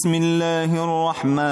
بسم الله الرحمن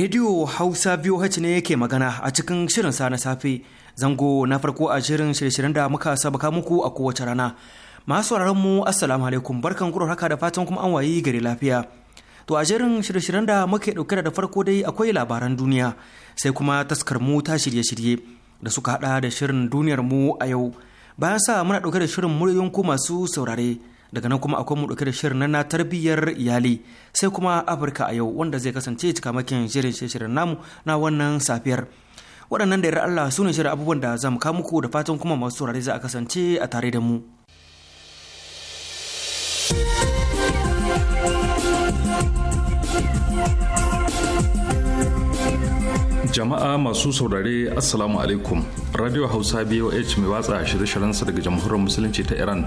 Radio Hausa biyu VOH ne yake magana a cikin shirin sa na safe. Zango na farko a shirin shirye-shiryen da muka sabaka muku a kowace rana. Masu mu Assalamu alaikum barkan kurar haka da fatan kuma an wayi gari lafiya. To a jerin shirye-shiryen da muke ɗauke da farko dai akwai labaran duniya sai kuma taskar mu ta shirye-shirye da suka hada da shirin duniyar mu a yau. Bayan sa muna ɗauke da shirin muryoyin ku masu saurare. daga nan kuma akwai mu dauke da shirin na tarbiyyar iyali sai kuma afirka a yau wanda zai kasance cikamakin shirin shirin namu na wannan safiyar waɗannan da yarda Allah su ne shirin abubuwan da za mu kawo muku da fatan kuma masu saurare za a kasance a tare da mu jama'a masu saurare assalamu alaikum radio hausa boh mai watsa shirye-shiryensa daga jamhuriyar musulunci ta iran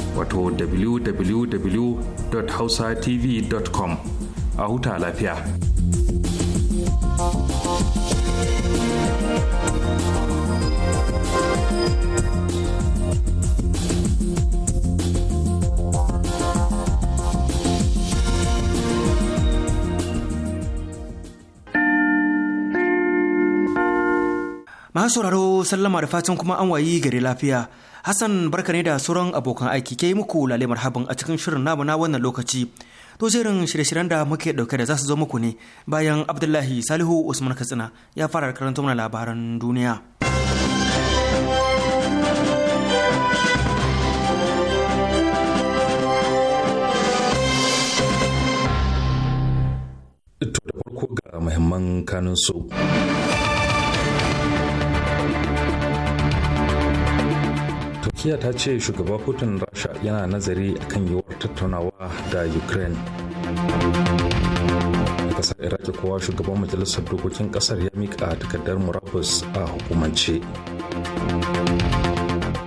wato www.hausatv.com a huta lafiya. Masu sauraro sallama da fatan kuma an wayi gari lafiya. Hassan barka ne da sauran abokan aiki ke muku lale marhaban a cikin shirin namu na wannan lokaci. To jerin shirye-shiryen da muke dauke da za su zo muku ne bayan Abdullahi Salihu Usman Katsina ya fara karanta mana labaran duniya. To da farko ga muhimman kanun su. turkiya ta ce shugaba putin rasha yana nazari a kan yiwuwar tattaunawa da ukraine a kasar iraki kowa shugaban majalisar dokokin kasar ya mika takardar murabus a hukumance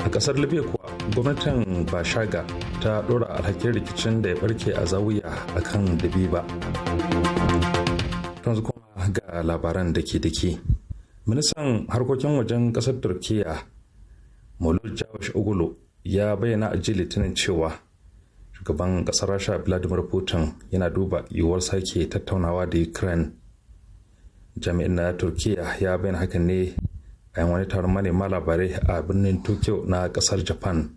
a kasar libya kuwa gwamnatin bashaga ta dora alhakin rikicin da ya barke a zawiya akan dabiba yanzu kuma ga labaran da ke dake ministan harkokin wajen kasar turkiyya. maulud jawash Ogolo ya bayyana a jiya litinin cewa shugaban ƙasar rasha vladimir putin yana duba yiwuwar sake tattaunawa da ukraine jami'in na turkiyya ya bayyana hakan ne a yan wani taron manema labarai a birnin tokyo na ƙasar japan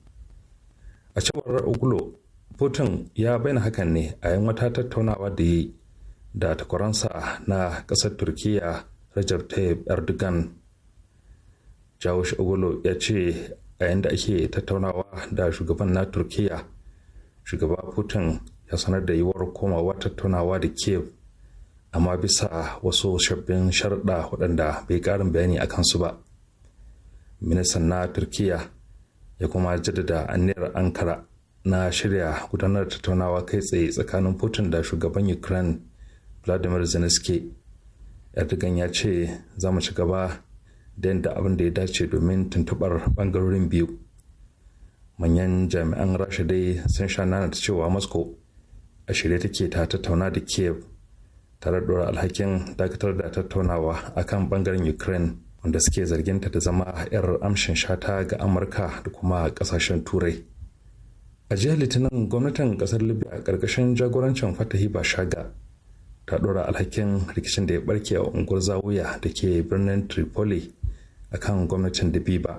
a cewar Ogolo, putin ya bayyana hakan ne a yan wata tattaunawa da yi da takwaransa na kasar turkiya Recep tayyip erdogan jawosh ogolo ya ce a yadda ake tattaunawa da shugaban na turkiya shugaba putin ya sanar da yiwuwar komawa tattaunawa da kiev amma bisa wasu shabbin sharɗa waɗanda bai ƙarin bayani a kansu ba ministan na turkiya ya kuma jaddada aniyar ankara na shirya gudanar da tattaunawa kai tsaye tsakanin putin da shugaban ukraine vladimir zelensky erdogan ya ce za mu ci gaba da abin da ya dace domin tuntubar bangarorin biyu manyan jami'an rasha dai sun sha nana ta cewa moscow a shirye take ta tattauna da kiev tare da alhakin dakatar da tattaunawa a kan bangaren ukraine wanda suke zarginta da zama 'yar amshin shata ga amurka da kuma kasashen turai a jihar litinin gwamnatin kasar libya karkashin jagorancin fatahi bashaga ta ɗora alhakin rikicin da ya barke a unguwar zawuya da ke birnin tripoli akan gwamnatin da ba.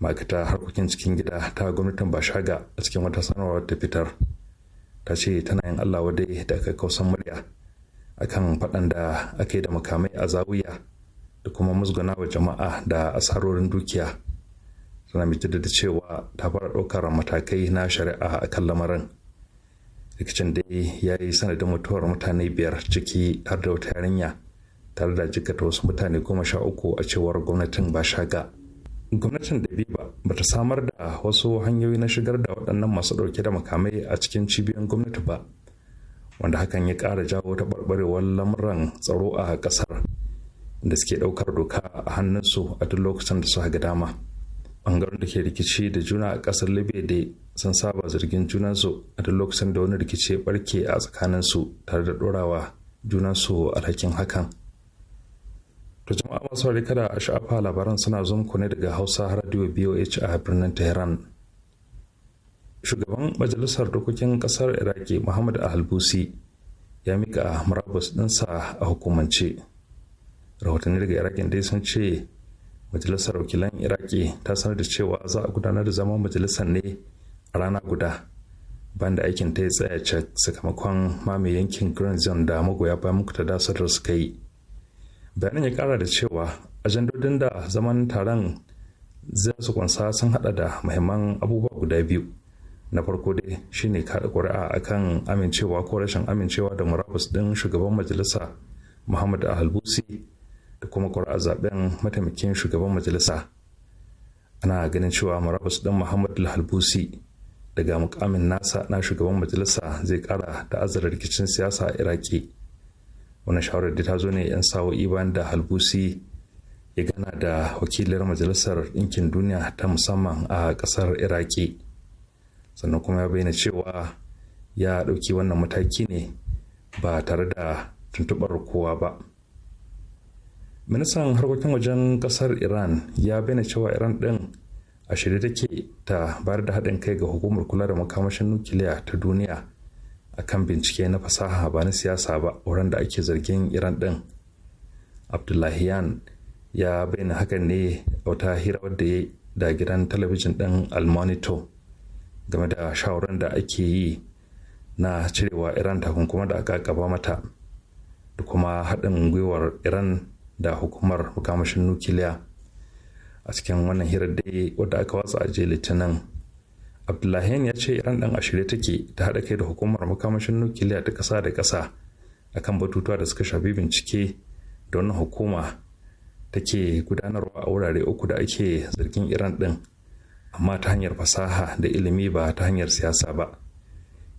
ma'aikata harkokin cikin gida ta gwamnatin bashaga a cikin wata sanarwar ta fitar ta ce tana yin allah wadai da aka kausan murya akan faɗan da aka yi da makamai a zawiya da kuma wa jama'a da asarorin dukiya tana mai da cewa ta fara ɗaukar matakai na shari'a a kan lamarin rikicin dai ya yi sanadin mutuwar mutane biyar ciki har da wata yarinya tare da jikata wasu mutane goma sha uku a cewar gwamnatin ba shaga gwamnatin da biba ba ta samar da wasu hanyoyi na shigar da waɗannan masu ɗauke da makamai a cikin cibiyar gwamnati ba wanda hakan ya ƙara jawo taɓarɓarewar lamuran tsaro a ƙasar da suke ɗaukar doka a hannunsu a duk lokacin da su haga dama ɓangaren da ke rikici da juna a ƙasar libya dai sun saba zargin junansu a duk lokacin da wani rikici ɓarke a tsakaninsu tare da ɗorawa junansu alhakin hakan To jama'a masu saurari kada a sha'afa labaran suna zo muku ne daga Hausa Radio BOH a birnin Tehran. Shugaban Majalisar Dokokin Ƙasar Iraki Muhammad Albusi ya mika murabus ɗinsa a hukumance. Rahotanni daga Iraki dai sun ce Majalisar Wakilan Iraki ta sanar da cewa za a gudanar da zama majalisar ne a rana guda. ban da aikin ta ya tsaya cak sakamakon mamayen yankin Grand Zone da magoya bayan muktada da suka yi. bayanin ya kara da cewa ajandodin da zaman taron zai su kunsa sun hada da mahimman abubuwa guda biyu na farko dai shine kada kuri'a akan amincewa ko rashin amincewa da murabus din shugaban majalisa muhammad ahalbusi da kuma kuri'a zaben mataimakin shugaban majalisa ana ganin cewa murabus din muhammad ahalbusi daga mukamin nasa na shugaban majalisa zai kara da azara rikicin siyasa a iraki wannan shawarar da ta zo ne 'yan sawo bayan da halbusi ya gana da wakilar majalisar ɗinkin duniya ta musamman a ƙasar iraki sannan kuma ya bayyana cewa ya ɗauki wannan mataki ne ba tare da tuntuɓar kowa ba ministan harkokin wajen ƙasar iran ya bayyana cewa iran ɗin a shirye take ta bayar da haɗin kai ga hukumar kula da makamashin nukiliya ta duniya akan bincike na fasaha ba na siyasa ba wurin da ake zargin iran din abdullahiyan ya bayyana hakan ne a wata hira wadda ya da gidan talabijin din almonito game da shawaran da ake yi na cirewa iran takunkuma da aka gaba mata da kuma haɗin gwiwar iran da hukumar mukamashin nukiliya a cikin wannan hirar dai wadda aka watsa a litinin abdullahian ya ce iran ɗan shirye take ta haɗa kai da hukumar makamashin nukiliya ta kasa da ƙasa kan batutuwa da suka shafi bincike da wannan hukuma take gudanarwa a wurare uku da ake zargin iran ɗin amma ta hanyar fasaha da ilimi ba ta hanyar siyasa ba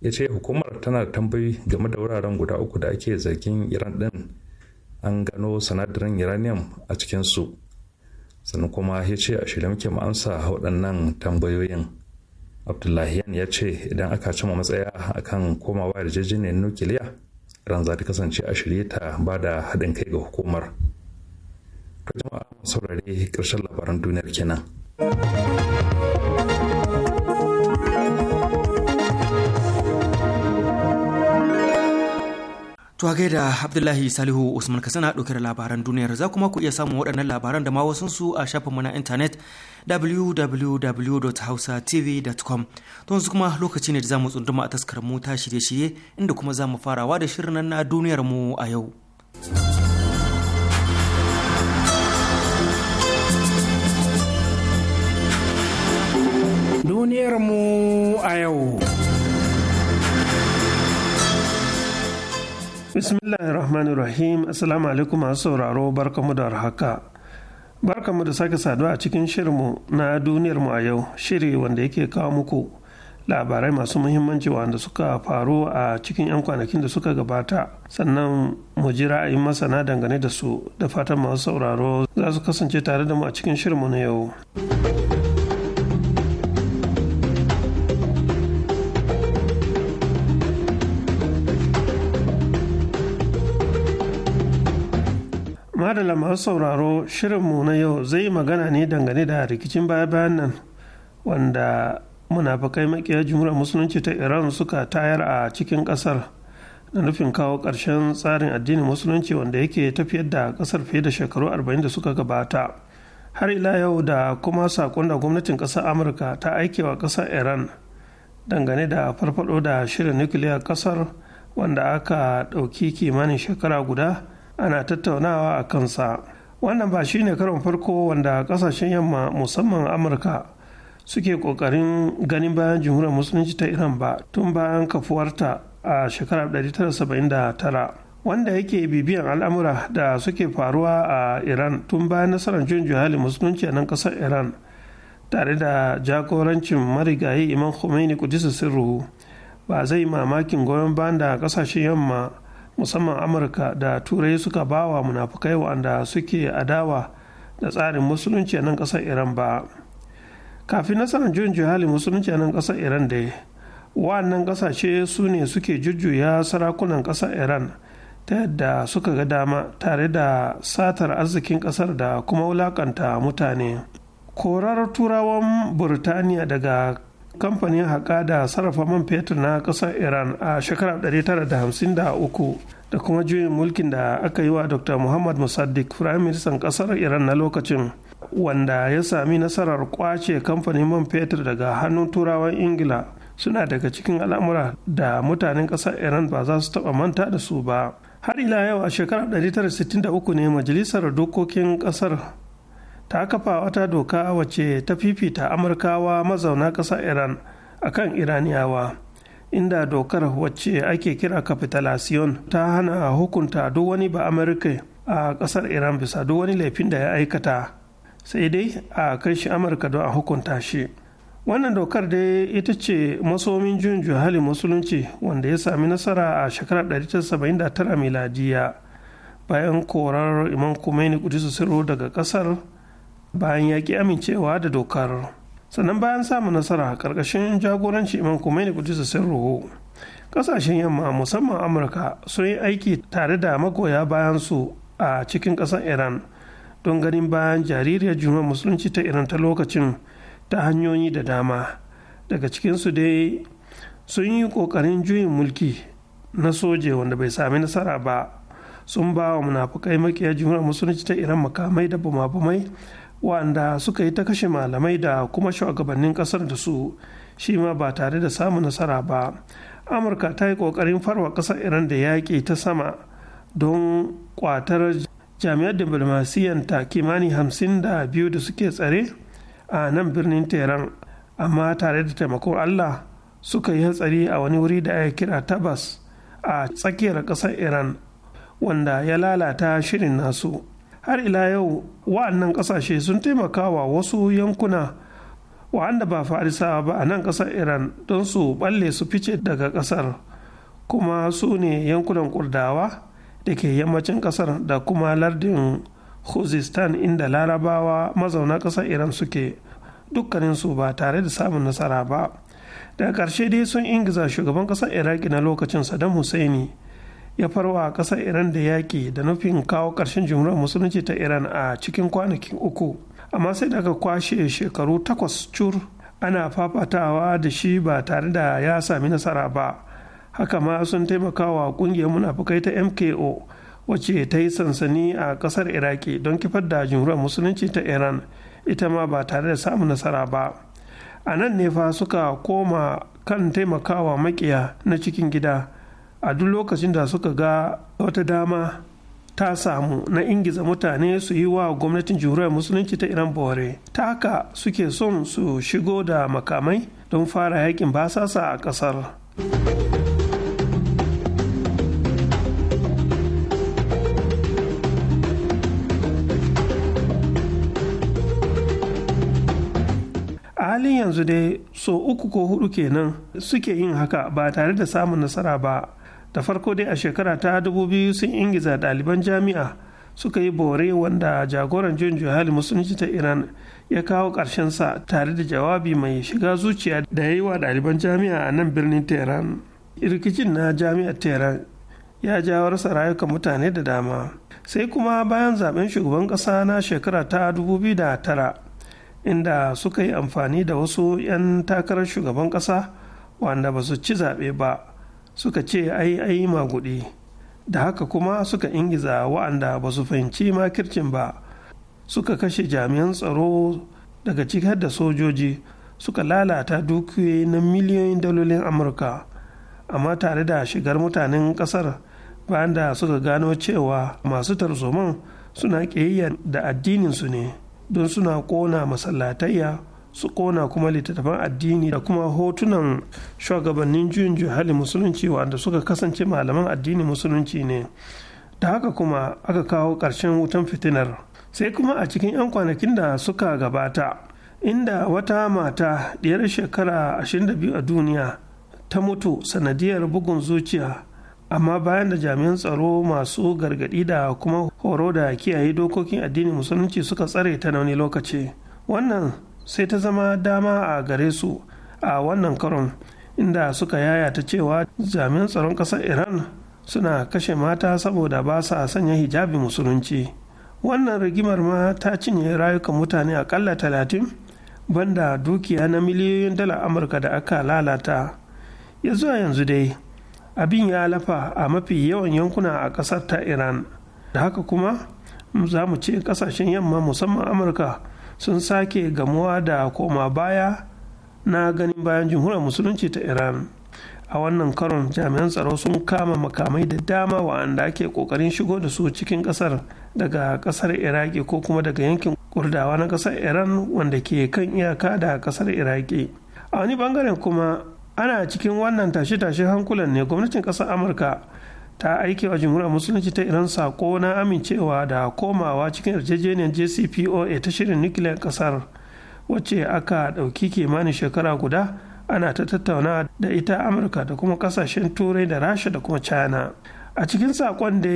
ya ce hukumar tana da tambayi game da wuraren guda uku da ake zargin iran ɗin an gano sinadarin uranium a cikinsu sannan kuma ya ce a shirya muke ma'amsa waɗannan tambayoyin abdullahiyan ya ce idan aka cima matsaya akan komawa yarjejeniyar nukiliya ran za ta kasance a shirye ta ba da haɗin kai ga hukumar ka jama'a saurare ƙarshen labaran duniyar kenan To a gaida Abdullahi Salihu Usman kasana ɗauke da labaran duniyar za kuma ku iya samun waɗannan labaran da ma wasu su a mu na intanet www.hausatv.com to yanzu kuma lokaci ne da za mu tsunduma a taskar mu ta shirye-shirye inda kuma zamu mu farawa da shirin na duniyar mu a yau. Duniyar mu a yau. bismillahir rahmanir rahim assalamu alaikum masu sauraro barkamu da haka barkamu da sake saduwa a cikin shirinmu na duniyarmu a yau shiri wanda yake kawo muku labarai masu muhimmanci wanda suka faru a cikin 'yan kwanakin da suka gabata sannan mu ji ra'ayin masana dangane da su da fatan masu sauraro za su kasance tare da mu a cikin shirinmu na yau. madalla masu sauraro shirinmu na yau zai magana ne dangane da rikicin baya-bayan nan wanda munafakai makiya jumhuriyar musulunci ta iran suka tayar a cikin kasar da nufin kawo ƙarshen tsarin addinin musulunci wanda yake tafiyar da kasar fiye da shekaru 40 da suka gabata har ila yau da kuma sakon da gwamnatin ƙasar amurka ta aikewa ƙasar iran dangane da farfado da shirin nukiliyar ƙasar wanda aka ɗauki kimanin shekara guda ana tattaunawa a kansa wannan ba shine karon farko wanda kasashen yamma musamman amurka suke kokarin ganin bayan jamhuriyar musulunci ta iran ba tun bayan kafuwarta a shekarar 1979 wanda yake bibiyan al'amura da suke faruwa a iran tun bayan nasarar jin juhali musulunci a nan kasar iran tare da jagorancin marigayi imam khomeini kudisa sirruhu ba zai mamakin goyon bayan da kasashen yamma musamman amurka da turai suka bawa munafukai waɗanda suke adawa da tsarin musulunci a nan ƙasar iran ba kafin nasarar juyin juhali musulunci a nan ƙasar iran da wa'annan ƙasashe su ne suke jujjuya sarakunan ƙasar iran ta yadda suka ga dama tare da satar arzikin ƙasar da kuma wulaƙanta mutane korar turawan burtaniya daga kamfanin haƙa da sarrafa man fetur na ƙasar iran a shekarar 1953 da kuma juyin mulkin da aka yi wa dr muhammad musaddiq firayim ministan ƙasar iran na lokacin wanda ya sami nasarar kwace kamfanin man fetur daga hannun turawan ingila suna daga cikin al'amura da mutanen ƙasar iran ba za su taɓa manta da su ba har ila yau a shekarar 1963 ne majalisar dokokin ƙasar ta kafa wata doka wacce ta fifita amurkawa mazauna ƙasar iran a kan iraniyawa inda dokar wacce ake kira capitulation ta hana hukunta duk wani ba amurka a ƙasar iran bisa duk wani laifin da ya aikata sai dai a kai shi amurka don a hukunta shi wannan dokar dai ita ce masomin jin hali musulunci wanda ya sami nasara a shekarar 1979 miladiya bayan korar imam Khomeini kudisu siro daga kasar bayan ya ki amincewa da dokar sannan bayan samun nasara ƙarƙashin jagoranci imam Khomeini kudisa roho ƙasashen yamma musamman amurka sun yi aiki tare da magoya bayan su a cikin ƙasar iran don ganin bayan jaririyar juma musulunci ta iran ta lokacin ta hanyoyi da dama daga cikin su dai sun yi ƙoƙarin juyin mulki na soje wanda bai sami nasara ba sun ba wa munafukai makiya juna musulunci ta iran makamai da bumabumai wanda suka yi ta kashe malamai da kuma shugabannin kasar da su shi ma ba tare da samun nasara ba amurka ta yi kokarin farwa kasar iran da yaƙi ta sama don kwatar jami'ar ta kimani hamsin da biyu da suke tsare a nan birnin tehran amma tare da taimakon allah suka yi hatsari a wani wuri da aka kira tabas a tsakiyar kasar iran wanda ya lalata shirin nasu har ila yau wa'annan kasashe sun taimaka wa wasu yankuna wa'anda ba farisawa ba a nan kasar iran don su balle su fice daga kasar kuma su ne yankunan kurdawa da ke yammacin kasar da kuma lardin khuzistan inda larabawa mazauna kasar iran suke dukkaninsu ba tare da samun nasara ba daga karshe dai sun ingiza shugaban kasar iraki na lokacin saddam husaini ya farwa ƙasar iran da yaƙi da nufin kawo ƙarshen jumhuriyar musulunci ta iran a cikin kwanakin uku amma sai daga kwashe shekaru takwas cur ana fafatawa da shi ba tare da ya sami nasara ba haka ma sun taimaka wa ƙungiyar munafukai ta mko wacce ta yi sansani a ƙasar iraki don kifar da jumhuriyar musulunci ta iran ita ma ba tare da samun nasara ba a nan ne fa suka koma kan taimakawa makiya na cikin gida a duk lokacin da suka ga wata dama ta samu na ingiza mutane su yi wa gwamnatin jihuriyar musulunci ta iran bore ta haka suke son su shigo da makamai don fara yakin basasa a kasar a halin yanzu dai so uku ko hudu kenan suke yin haka ba tare da samun nasara ba da farko dai a shekara ta 2000 sun ingiza ɗaliban jami'a suka yi bore wanda jagoran john juhali musulunci ta iran ya kawo sa tare da jawabi mai shiga zuciya da ya yi wa ɗaliban jami'a a nan birnin tehran rikicin na jami'ar tehran ya jawo rasa rayuka mutane da dama sai kuma bayan zaben shugaban ƙasa na shekara ta 2009 inda suka yi amfani da wasu 'yan takarar shugaban ƙasa wanda ba su ci zaɓe ba suka ce ai ai maguɗi da haka kuma suka ingiza wa'anda ba su fahimci makircin ba suka kashe jami'an tsaro daga cikar da sojoji suka lalata dukiyoyi na miliyoyin dalolin amurka amma tare da shigar mutanen kasar bayan da suka gano cewa masu tarzoman suna ƙiyayya da addininsu ne don suna ƙona masallatayya su kona kuma littattafan addini da kuma hotunan shugabannin juyin juhali musulunci wanda suka kasance malaman addini musulunci ne da haka kuma aka kawo ƙarshen wutan fitinar sai kuma a cikin 'yan kwanakin da suka gabata inda wata mata ɗiyar shekara 22 a duniya ta mutu sanadiyar bugun zuciya amma bayan da jami'an tsaro masu gargaɗi da kuma horo da kiyaye dokokin addinin musulunci suka tsare ta na wani lokaci wannan sai ta zama dama a gare su a wannan karon inda suka yayata cewa jami'an tsaron ƙasar iran suna kashe mata saboda ba sa sanya hijabi musulunci wannan rigimar ma ta cinye rayuka mutane akalla talatin banda dukiya na miliyoyin dala amurka da aka lalata ya zuwa yanzu dai abin ya lafa a mafi yawan yankuna a ƙasar ta iran da haka kuma za mu ce ƙasashen yamma musamman amurka sun sake gamuwa da koma baya na ganin bayan jamhuriyar musulunci ta iran a wannan karon jami'an tsaro sun kama makamai da dama wa'anda ake kokarin shigo da su cikin kasar daga kasar iraki ko kuma daga yankin kurdawa na kasar iran wanda ke kan iyaka da kasar iraki a wani bangaren kuma ana cikin wannan tashe-tashen hankulan ne gwamnatin kasar amurka ta aike wa jamhuriyar musulunci ta iran sako na amincewa da komawa cikin yarjejeniyar jcpoa ta shirin nukiliyar kasar wacce aka ɗauki kimanin shekara guda ana ta tattauna da ita amurka da kuma kasashen turai da rasha da kuma china a cikin sakon da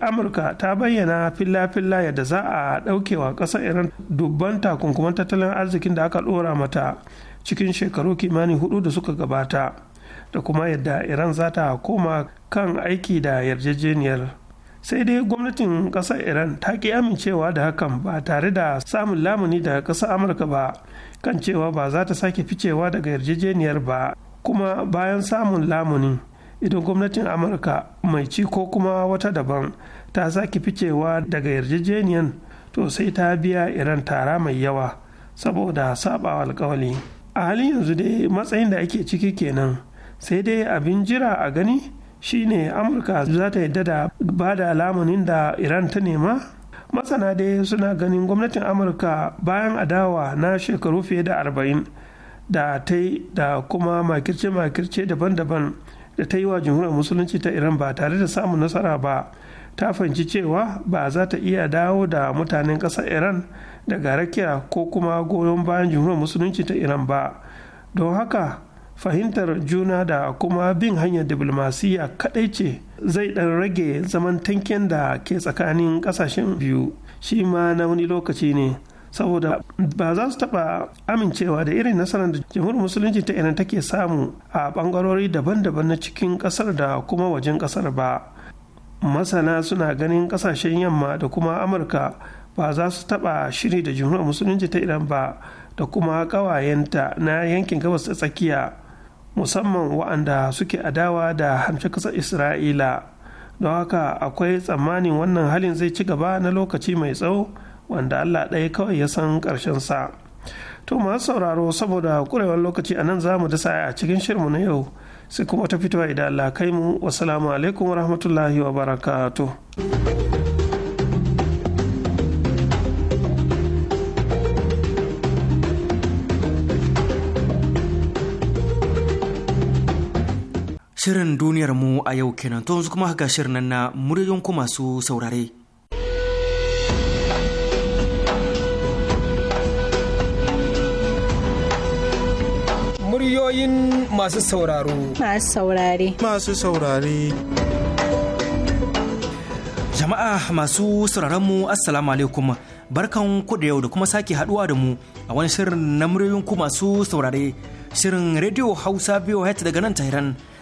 amurka ta bayyana filla-filla yadda za a ɗaukewa ƙasa iran dubban takunkuman tattalin arzikin da aka ɗora mata cikin shekaru kimanin hudu da suka gabata da kuma yadda iran za ta koma kan aiki da yarjejeniyar sai dai gwamnatin ƙasar iran ta ki amincewa da hakan ba tare da samun lamuni daga ƙasar amurka ba kan cewa ba za ta sake ficewa daga yarjejeniyar ba kuma bayan samun lamuni idan gwamnatin amurka mai ci ko kuma wata daban ta sake ficewa daga yarjejeniyar to sai ta biya iran tara mai yawa saboda sabawa alkawali a halin yanzu dai matsayin da ake ciki kenan sai dai abin jira a gani shine amurka za ta yadda da ba da lamunin da iran ta nema masana dai suna ganin gwamnatin amurka bayan adawa na shekaru fiye da arba'in da ta yi da kuma makirce-makirce daban-daban da ta yi wa jihunan musulunci ta iran ba tare da samun nasara ba ta fahimci cewa ba za ta iya dawo da mutanen ƙasar iran daga rakiya ko kuma goyon bayan jihunan musulunci ta iran ba don haka fahimtar juna da kuma bin hanyar diplomasiya kaɗai ce zai ɗan rage zaman tanken da ke tsakanin ƙasashen biyu shi ma na wani lokaci ne saboda ba za su taɓa amincewa da irin nasarar da jamhuriyar musulunci ta iran take samu a ɓangarori daban-daban na cikin ƙasar da kuma wajen ƙasar ba masana suna ganin ƙasashen yamma da kuma amurka ba za su taɓa shiri da jamhuriyar musulunci ta iran ba da kuma ƙawayenta na yankin gabas ta tsakiya musamman wa'anda suke adawa da hamshe ƙasar isra'ila don haka akwai tsammanin wannan halin zai ci gaba na lokaci mai tsawo wanda allah ɗaya kawai ya san ƙarshen sa to masu sauraro saboda ƙurewar lokaci a nan za mu da a cikin shirmu na yau sai kuma ta fitowa idan allah kai mu wasalamu alaikum wa wabarakatuh Shirin duniyar mu a yau kenan to yanzu kuma ga shirin nan na muryoyin ku masu saurare. Muryoyin masu sauraro. Masu saurare. Masu saurare. Jama'a masu sauraron mu Assalamu alaikum. barkan ku da yau da kuma sake haduwa da mu a wani shirin na muryoyin ku masu saurare shirin radio hausa biyu daga nan tehran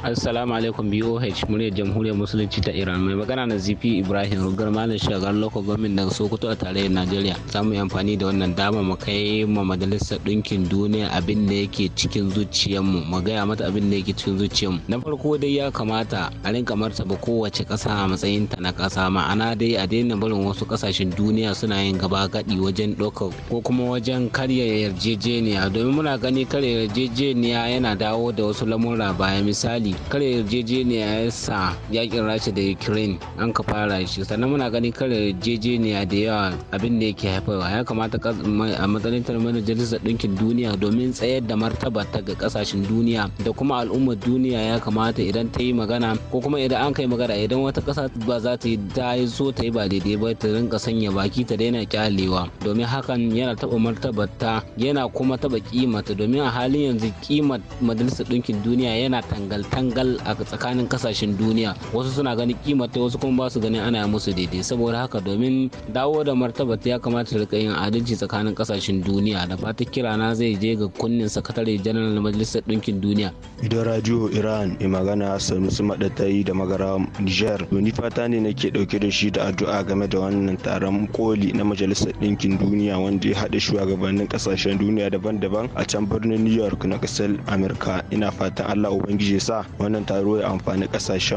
Assalamu alaikum BOH muryar Jamhuriyar Musulunci ta Iran mai magana na ZP Ibrahim Rugar Malam Shagar Loko Gwamnati daga Sokoto a tarayyar Najeriya. Za mu yi amfani da wannan dama mu kai ma Majalisar Ɗinkin Duniya abin da yake cikin zuciyarmu mu gaya mata abin da yake cikin zuciyarmu. Na farko dai ya kamata a rinka martaba kowace ƙasa a matsayin ta na ƙasa ma'ana dai a daina barin wasu ƙasashen duniya suna yin gaba gaɗi wajen ɗaukar ko kuma wajen karya yarjejeniya domin muna gani karya yarjejeniya yana dawo da wasu lamura baya misali yaƙi kare yarjejeniya ya sa yaƙin rasha da ukraine an ka fara shi sannan muna gani kare yarjejeniya da yawa abin da yake haifarwa ya kamata a matsayin majalisar ɗinkin duniya domin tsayar da martaba ta ga ƙasashen duniya da kuma al'ummar duniya ya kamata idan ta yi magana ko kuma idan an kai magana idan wata ƙasa ba za ta yi ta yi so ta yi ba daidai ba ta rinka sanya baki ta daina kyalewa domin hakan yana taɓa martabar ta yana kuma taɓa kimata domin a halin yanzu kimar majalisar ɗinkin duniya yana tangalta tangal a tsakanin kasashen duniya wasu suna ganin kimata wasu kuma ba su ganin ana musu daidai saboda haka domin dawo da martaba ya kamata rika yin adalci tsakanin kasashen duniya da fatan kirana zai je ga kunnin sakatare janar majalisar ɗinkin duniya idan radio iran mai magana sanusi maɗatai da magara niger ni fata ne nake ɗauke da shi da addu'a game da wannan taron koli na majalisar ɗinkin duniya wanda ya haɗa shugabannin kasashen duniya daban-daban a can birnin new york na ƙasar amurka ina fatan allah ubangiji sa wannan taro ya amfani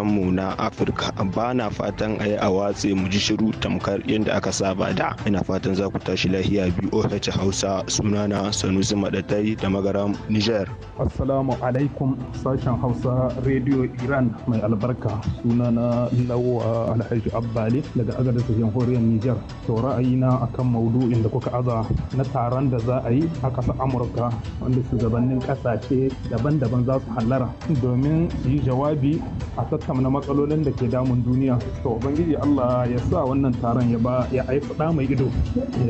mu na afirka ba na fatan a yi a watse mu ji shiru tamkar yadda aka saba da ina fatan za ku tashi lahiya boh hausa sunana sanusi madatai da magaram niger assalamu alaikum sashen hausa rediyo iran mai albarka sunana lawa alhaji abbali daga agadar jamhuriyar niger to ra'ayina akan maudu'in da kuka aza na taron da za a yi a ƙasar amurka wanda shugabannin ƙasashe daban-daban za su hallara domin yi jawabi a tattauna matsalolin da ke damun duniya to ubangiji Allah ya sa wannan taron ya ba ya aifi da mai ido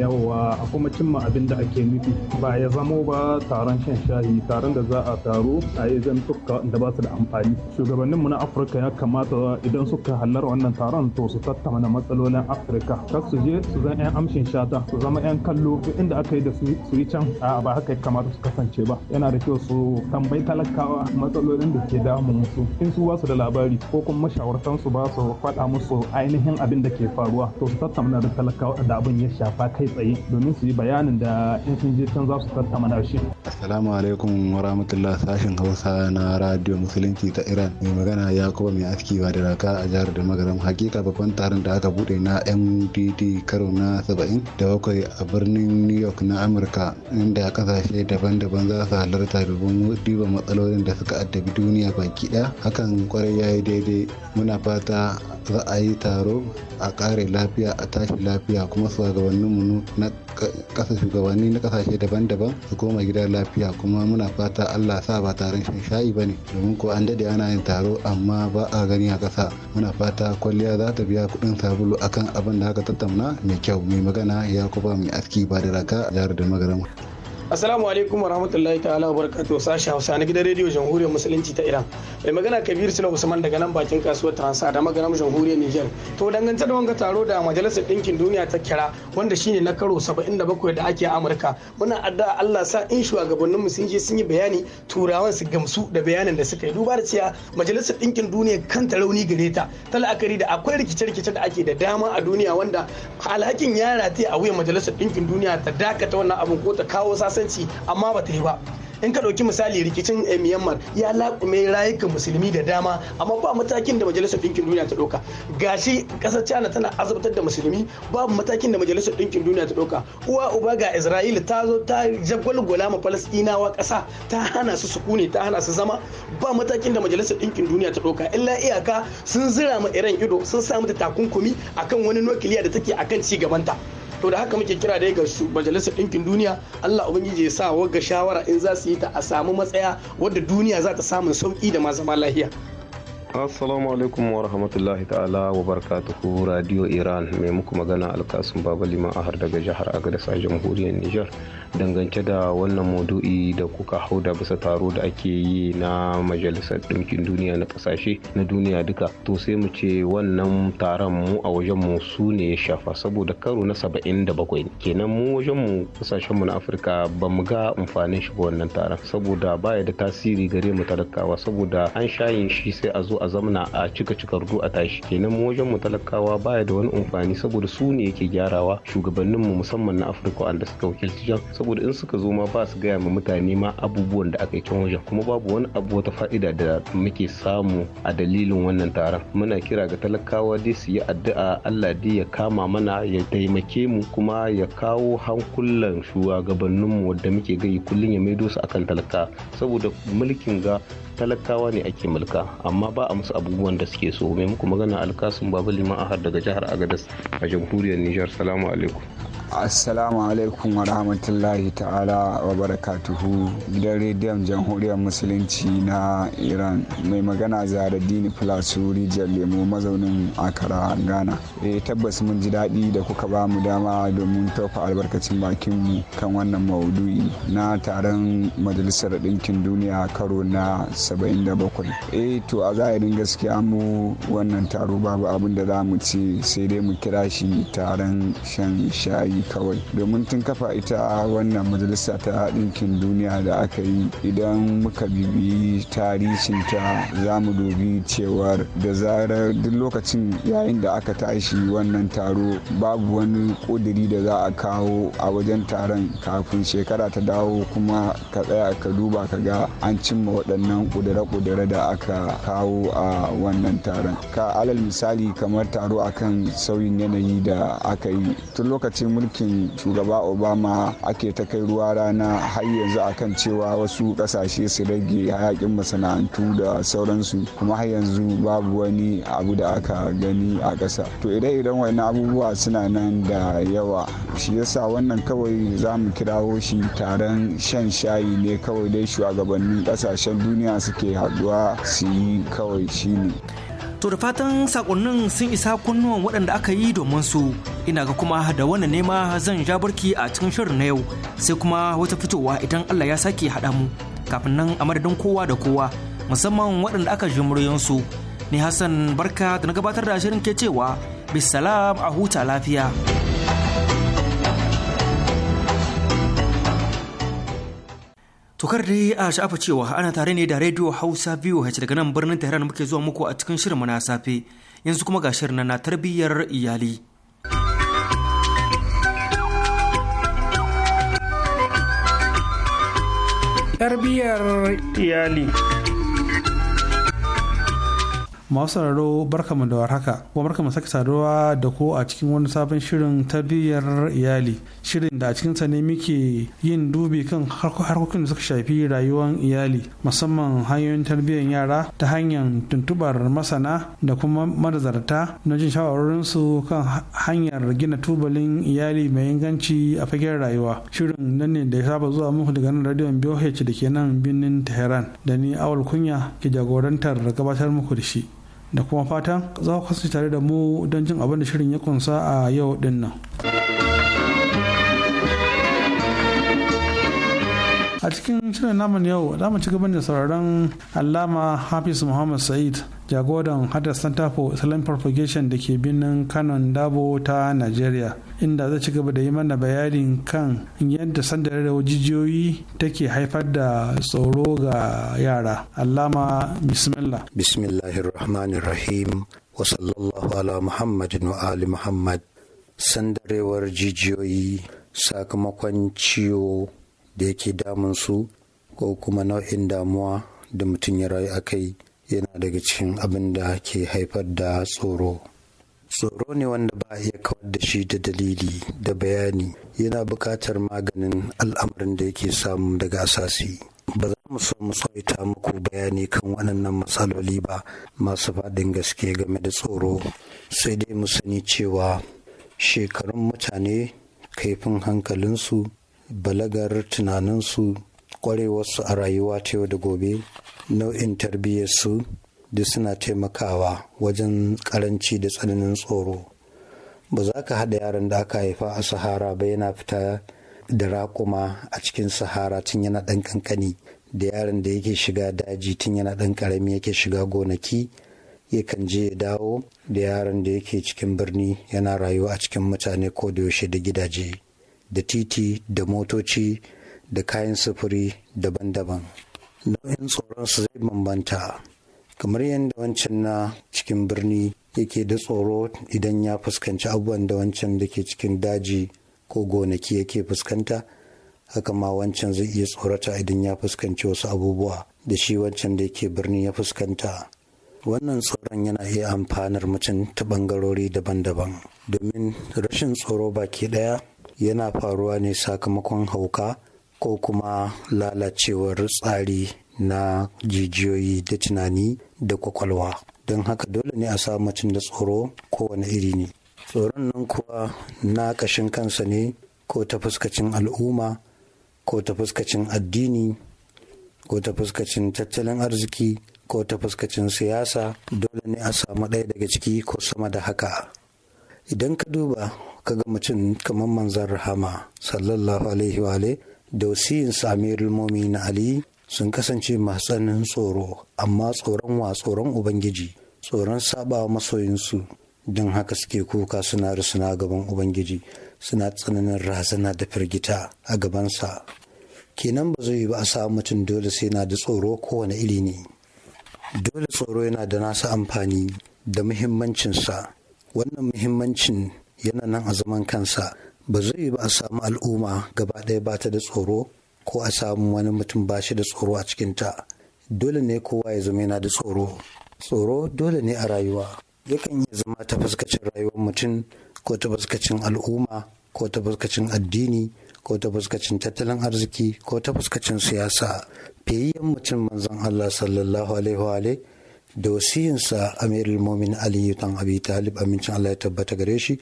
yawa a kuma cimma abin da ake nufi ba ya zamo ba taron shan shayi taron da za a taro a yi zantuka da ba su da amfani shugabannin mu na afirka ya kamata idan suka hallar wannan taron to su tattauna matsalolin afirka kar su je su zama 'yan amshin shata su zama 'yan kallo duk inda aka yi da su yi can a ba haka ya kamata su kasance ba yana da kyau su tambayi talakawa matsalolin da ke damu samun musu in su ba su da labari ko kuma mashawartan su ba su faɗa musu ainihin abin da ke faruwa to su tattauna da talakawa da abin ya shafa kai tsaye domin su yi bayanin da in sun je can za su tattauna shi Assalamu alaikum wa rahmatullah sashen Hausa na Radio Musulunci ta Iran. Mai magana ya kuma mai aski ba da raka a jihar da magaram. Hakika babban taron da aka bude na MDD karo na 70 da bakwai a birnin New York na Amurka inda kasashe daban-daban za su halarta domin diba matsalolin da suka addabi duniya baki ɗaya. Hakan kwarai yayi yi daidai. Muna fata za a yi taro a kare lafiya a tashi lafiya kuma shugabanninmu na ƙasa shugabanni na kasashe daban-daban su koma gida lafiya kuma muna fata allah sa ba taron shan shayi ba ne domin ko an dade ana yin taro amma ba a gani a ƙasa muna fata kwalliya za ta biya kuɗin sabulu akan abin da aka tattauna mai kyau mai magana ya kuma mai aski ba da raka jihar da magaram asalamu alaikum wa rahmatullahi ta'ala wa barakatuh sashi Hausa na gidan rediyo Jamhuriyar Musulunci ta Iran. Mai magana Kabir Sula Usman daga nan bakin kasuwar Transa da maganar Jamhuriyar Niger. To dangantar da wanga taro da Majalisar Dinkin Duniya ta kira wanda shine na karo 77 da ake Amurka. Muna addu'a Allah sa in shugabannin mu sun je sun yi bayani turawan su gamsu da bayanin da suka yi. Duba da cewa Majalisar Dinkin Duniya kanta rauni gare ta. Tal'akari da akwai rikice-rikice da ake da dama a duniya wanda alhakin yara ta a wuyan Majalisar Dinkin Duniya ta dakata wannan abin ko ta kawo sa kasance amma ba ta yi ba in ka ɗauki misali rikicin eh, myanmar ya laƙume rayukan musulmi da dama amma ba matakin da majalisar ɗinkin duniya ta ɗauka gashi ƙasar china tana azabtar da musulmi babu matakin da majalisar ɗinkin duniya ta ɗauka uwa uba ga isra'ila ta zo ta jagwalgwala ma falastinawa ƙasa ta hana su sukuni ta hana su zama ba matakin da majalisar ɗinkin duniya ta ɗauka illa iyaka sun zira ma iran ido sun samu da takunkumi akan wani nukiliya da take akan ci gabanta to da haka muke kira dai ga majalisar ɗinkin duniya Allah ubangiji ya sa wagga shawara in za su yi ta a samu matsaya wadda duniya za ta samun sauki da ma zama lahiya Assalamu alaikum wa rahmatullahi ta'ala wa barkatuhu Radio Iran mai muku magana alkasun Babali Ma'ahar daga jihar agada a jamhuriyar Nijar dangance da wannan maudu'i da kuka hau da bisa taro da ake yi na majalisar ɗinkin duniya na ƙasashe na duniya duka to sai mu ce wannan taron mu a wajen mu su ne ya shafa saboda karo na saba'in da bakwai kenan mu wajen mu ƙasashen mu na Afirka ba mu ga amfanin shi wannan taron saboda baya da tasiri gare mu talakawa saboda an shayin shi sai a zo a zamna a cika cikardu a tashi kenan mu wajen mu talakawa baya da wani amfani saboda su ne yake gyarawa shugabannin mu musamman na afirka wanda suka wakilci jan saboda in suka zo ma ba su gaya ma mutane ma abubuwan da aka yi can wajen kuma babu wani abu wata fa'ida da muke samu a dalilin wannan taron muna kira ga talakawa dai su yi addu'a allah dai ya kama mana ya taimake mu kuma ya kawo hankulan shugabanninmu wadda muke gani kullum ya maido su akan talaka saboda mulkin ga talakawa ne ake mulka amma ba amsa abubuwan da suke so mai muku magana alkasun babu liman ahar daga jihar agadas a jamhuriyar nijar salamu alaikum assalamu alaikum wa rahmatullahi ta'ala wa barakatuhu gidan rediyon jamhuriyar musulunci na iran mai magana zara dini filasu rijiyar lemo mazaunin akara ghana e tabbas mun ji daɗi da kuka ba mu dama domin tofa albarkacin bakin mu kan wannan maudu'i na taron majalisar ɗinkin duniya karo na 77 e eh, to a zahirin gaskiya mu wannan taro babu abin da za mu ci sai dai mu kira shi taron shan shayi kawai domin tun kafa ita wannan majalisa ta ɗinkin duniya da aka yi idan muka bibi tarihinta za mu dubi cewar da zarar duk lokacin yayin da aka tashi wannan taro babu wani ƙudiri da za a kawo a wajen taron kafin shekara ta dawo kuma ka tsaya ka duba ka ga an cimma waɗannan ƙudire-ƙudire da aka kawo a wannan taron ka alal misali kamar taro akan sauyin yanayi da aka yi tun lokacin mulki mulkin shugaba obama ake ta kai ruwa rana har yanzu akan cewa wasu kasashe su rage hayakin masana'antu da sauransu kuma har yanzu babu wani abu da aka gani a ƙasa to idan idan wani abubuwa suna nan da yawa shi yasa wannan kawai za mu kirawo shi taron shan shayi ne kawai dai shugabannin kasashen duniya suke haɗuwa su yi kawai shi ne. To da fatan sakonnin sun isa kunnuwan waɗanda aka yi domin su ina ga kuma da wani nema zan ja barki a cikin shirin na yau sai kuma wata fitowa idan Allah ya sake haɗa mu kafin nan a madadin kowa da kowa musamman waɗanda aka ji muryansu ni Hassan barka da na gabatar da shirin ke cewa bisalam a huta lafiya. Tukar dai a sha'afa cewa ana tare ne da Radio Hausa VOH daga nan birnin Tehran muke zuwa muku a cikin shirin na safe yanzu kuma ga shirin na tarbiyyar iyali. Tarbiyyar iyali. masu sauraro barkamu da warhaka kuma barkamu sake saduwa da ko a cikin wani sabon shirin tarbiyyar iyali shirin da a cikinsa ne muke yin dubi kan harkokin da suka shafi rayuwar iyali musamman hanyoyin tarbiyyar yara ta hanyar tuntubar masana da kuma madazarta na jin shawarorinsu kan hanyar gina tubalin iyali mai inganci a fagen rayuwa shirin nan ne da ya saba zuwa muku daga nan radiyon boh da ke nan birnin tehran da ni awal kunya ke jagorantar gabatar muku da shi da kuma fatan za ku kasance tare da mu don jin abin da shirin ya kunsa a yau din nan. a cikin shirin namun yau za mu ci gaba da sauraron allama hafiz muhammad sa'id jagoran hadar tafo islam propagation da ke birnin kanon dabo ta nigeria inda zai ci gaba da yi mana bayanin kan yadda sandar da jijiyoyi take haifar da tsoro ga yara allama bismillah bismillahirrahmanirrahim wa sallallahu ala muhammadin wa ali muhammad sandarewar jijiyoyi sakamakon ciwo da yake damun su ko kuma nau'in damuwa da mutum ya rayu a kai yana daga cikin abin da ke haifar da tsoro tsoro ne wanda ba a iya kawar da shi da dalili da bayani yana buƙatar maganin al'amarin da yake samu daga asasi ba za mu so mu tsawaita muku bayani kan waɗannan matsaloli ba masu faɗin gaske game da tsoro sai dai mu sani cewa shekarun mutane kaifin hankalinsu balagar tunaninsu kwarewarsu a rayuwa ta yau da gobe nau'in tarbiyyarsu da suna taimakawa wajen karanci da tsananin tsoro ba za ka haɗa yaran da aka haifa a sahara ba yana fita da raƙuma a cikin sahara tun yana ɗan ƙanƙani da yaron da yake shiga daji tun yana ɗan ƙarami yake shiga gonaki yakan je ya dawo da yaron da yake cikin birni yana rayuwa a cikin mutane ko da yaushe da gidaje da titi da motoci da kayan sufuri daban-daban nau'in tsoronsu zai bambanta kamar yadda wancan na cikin birni yake da tsoro idan ya fuskanci abubuwan da wancan da ke cikin daji ko gonaki yake fuskanta haka ma wancan zai iya tsorata idan ya fuskanci wasu abubuwa da shi wancan da yake birni ya fuskanta wannan tsoron yana iya amfanar mutum ta bangarori daban-daban domin rashin tsoro baki ɗaya. yana faruwa ne sakamakon hauka ko kuma lalacewar tsari na jijiyoyi da tunani da kwakwalwa don haka dole ne a samu mutum da tsoro kowane iri ne tsoron nan kuwa na kashin kansa ne ko ta fuskacin al'umma ko ta fuskacin addini ko ta fuskacin tattalin arziki ko ta fuskacin siyasa dole ne a samu ɗaya daga ciki ko sama da haka idan ka duba Ka ga mutum kamar manzan rahama sallallahu alaihi wa da wasiyin samirul mumin ali sun kasance masu tsananin tsoro amma tsoron wa tsoron ubangiji tsoron saba masoyinsu don haka suke kuka suna rusuna gaban ubangiji suna tsananin razana da firgita a gabansa kenan ba zai yi ba a samu mutum dole sai na da tsoro kowane iri ne dole tsoro yana da nasa amfani da muhimmancinsa wannan muhimmancin yana nan a zaman kansa ba zai ba a samu al'umma gaba ɗaya ba ta da tsoro ko a samu wani mutum ba shi da tsoro a cikinta dole ne kowa ya zama yana da tsoro tsoro dole ne a rayuwa yakan iya zama ta fuskacin rayuwar mutum ko ta fuskacin al'umma ko ta fuskacin addini ko ta fuskacin tattalin arziki ko ta fuskacin siyasa fiyayyen mutum manzon Allah sallallahu alaihi wa da wasiyinsa amirul mumin Ali Yutan abi talib amincin Allah ya tabbata gare shi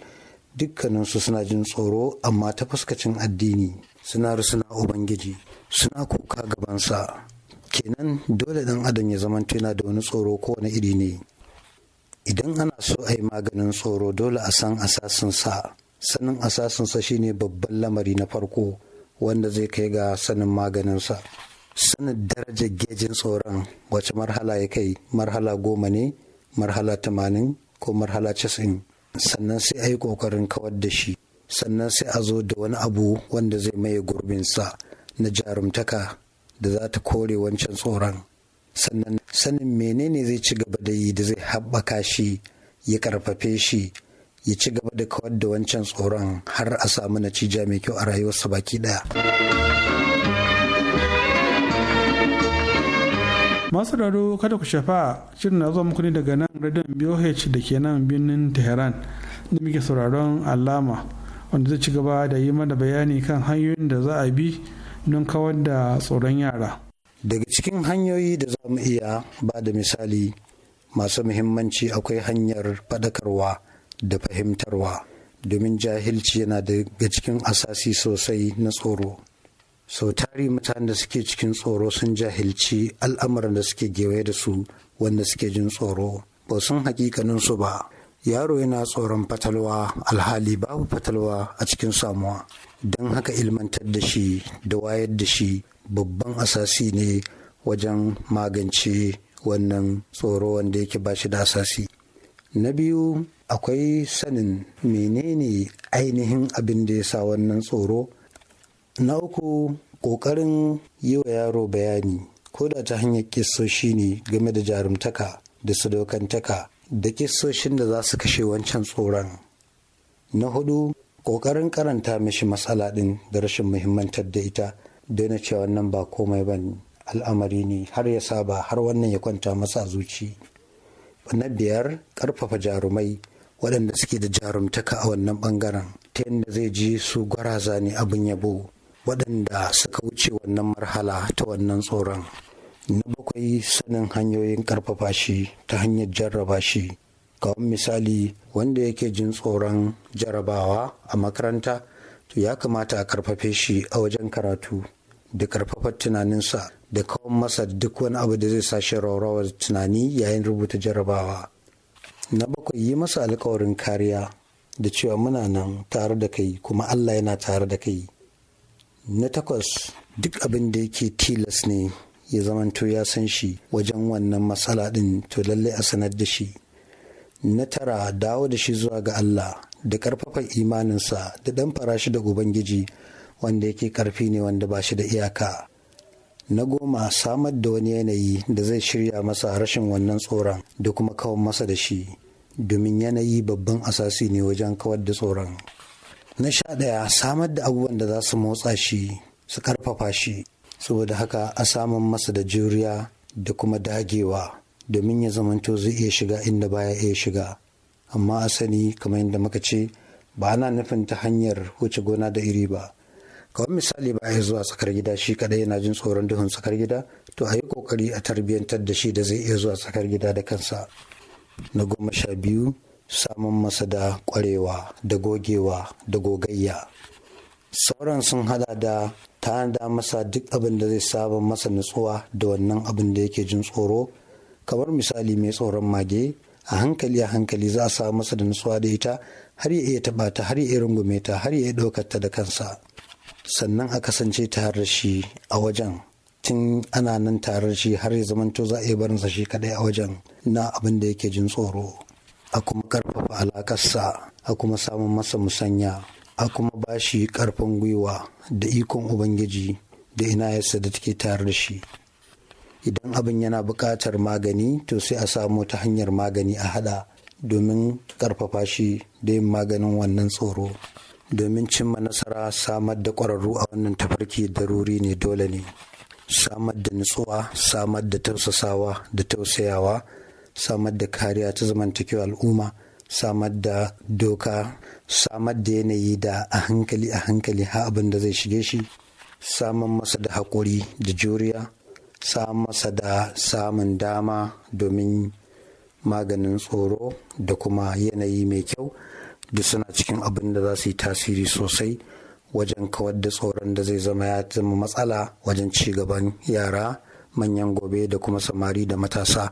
dukkaninsu suna jin tsoro amma ta fuskacin addini suna rusuna ubangiji suna kuka gabansa kenan dole ɗan adam ya zama tuna da wani tsoro kowane iri ne idan ana so a yi maganin tsoro dole a san asasinsa sanin asasinsa shine babban lamari na farko wanda zai kai ga sanin maganinsa sanin daraja gejin tsoron wace marhala ya kai marhala goma ne marhala tamanin ko marhala casa'in sannan sai a yi ƙoƙarin kawar da shi sannan sai a zo da wani abu wanda zai maye gurbinsa na jarumtaka da za ta kore wancan tsoron sannan sanin menene zai ci gaba da yi da zai haɓaka shi ya ƙarfafe shi ya ci gaba da kawar da wancan tsoron har a samu natija mai kyau a rayuwarsa baki ɗaya. masu raro kada ku shafa shirin na zuwa muku ne daga nan radion BOH da ke nan birnin Tehran da muke sauraron alama wanda zai ci gaba da yi mana bayani kan hanyoyin da za a bi don kawar da tsoron yara. Daga cikin hanyoyi da za mu iya ba da misali masu muhimmanci akwai hanyar faɗakarwa da fahimtarwa domin jahilci yana daga cikin asasi sosai na tsoro. sau tari mutanen da suke cikin tsoro sun jahilci al'amuran da suke gewaye da su wanda suke jin tsoro ba sun hakikanin su ba yaro yana tsoron fatalwa alhali babu fatalwa a cikin samuwa don haka ilmantar da shi da wayar da shi babban asasi ne wajen magance wannan tsoro wanda yake ba shi da asasi na biyu akwai sanin menene ainihin abin da ya sa wannan tsoro na uku ƙoƙarin yi wa yaro bayani ko da ta hanyar kissoshi ne game da jarumtaka da sadaukantaka da kissoshin da za su kashe wancan tsoron na hudu ƙoƙarin karanta mishi matsala ɗin da rashin muhimmantar da ita daina cewa wannan ba komai ba al'amari ne har ya saba har wannan ya kwanta masa zuci na biyar ƙarfafa jarumai waɗanda suke da jarumtaka a wannan ɓangaren ta yadda zai ji su gwaraza ne abin yabo waɗanda suka wuce wannan marhala ta wannan tsoron na bakwai sanin hanyoyin ƙarfafa shi ta hanyar jarraba shi Kawan misali wanda yake jin tsoron jarabawa a makaranta to ya kamata a ƙarfafe shi a wajen karatu da ƙarfafar tunaninsa da kawan masa duk wani abu da zai sashi rawar tunani yayin rubuta jarabawa na bakwai yi masa alkawarin kariya da cewa muna nan tare da kai kuma allah yana tare da kai na takwas duk abin da yake tilas ne ya zamanto ya san shi wajen wannan matsala ɗin to lallai a sanar da shi na tara dawo da shi zuwa ga Allah da ƙarfafa imaninsa da ɗan farashi da ubangiji wanda yake ƙarfi ne wanda ba shi da iyaka na goma samar da wani yanayi da zai shirya masa rashin wannan tsoron da kuma kawo masa da shi domin yanayi babban asasi ne wajen kawar da tsoron na sha ɗaya samar da abubuwan da za su motsa shi su karfafa shi saboda haka a samun masa da juriya da kuma dagewa domin ya zamanto zai iya shiga inda baya iya shiga amma a sani kamar yadda muka ce ba ana nufin ta hanyar wuce gona da iri ba kawai misali ba a ya zuwa tsakar gida shi kadai yana jin tsoron duhun tsakar gida to a yi kokari a tarbiyyantar da shi da zai iya zuwa tsakar gida da kansa na goma sha biyu samun masa da kwarewa da gogewa da gogayya sauran sun hada da tanada masa duk abin da zai saba masa nutsuwa da wannan abin da yake jin tsoro kamar misali mai tsoron mage a hankali a hankali za a samu masa da nutsuwa da ita har ya iya taba ta har ya iya rungume ta har ya iya ɗaukar ta da kansa sannan a kasance tare da shi a wajen tun ana nan tare da shi har ya zamanto za a iya barinsa shi kaɗai a wajen na abin da yake jin tsoro a kuma karfafa alakarsa a kuma samun masa musanya a kuma ba shi karfin gwiwa da ikon ubangiji da ina yasa da take tare da shi idan abin yana buƙatar magani to sai a samu ta hanyar magani a hada domin karfafa shi da yin maganin wannan tsoro domin cimma nasara samar da ƙwararru a wannan tafarki daruri ne dole ne samar da nutsuwa samar da tausasawa da tausayawa samar da kariya ta zamantakewa al'umma samar da doka samar da yanayi da a hankali a hankali ha abin da zai shige shi samun masa da haƙuri da juriya samun masa da samun dama domin maganin tsoro da kuma yanayi mai kyau duk suna cikin abin da za su yi tasiri sosai wajen kawar da tsoron da zai zama ya zama matsala wajen ci gaban yara manyan gobe da kuma samari da matasa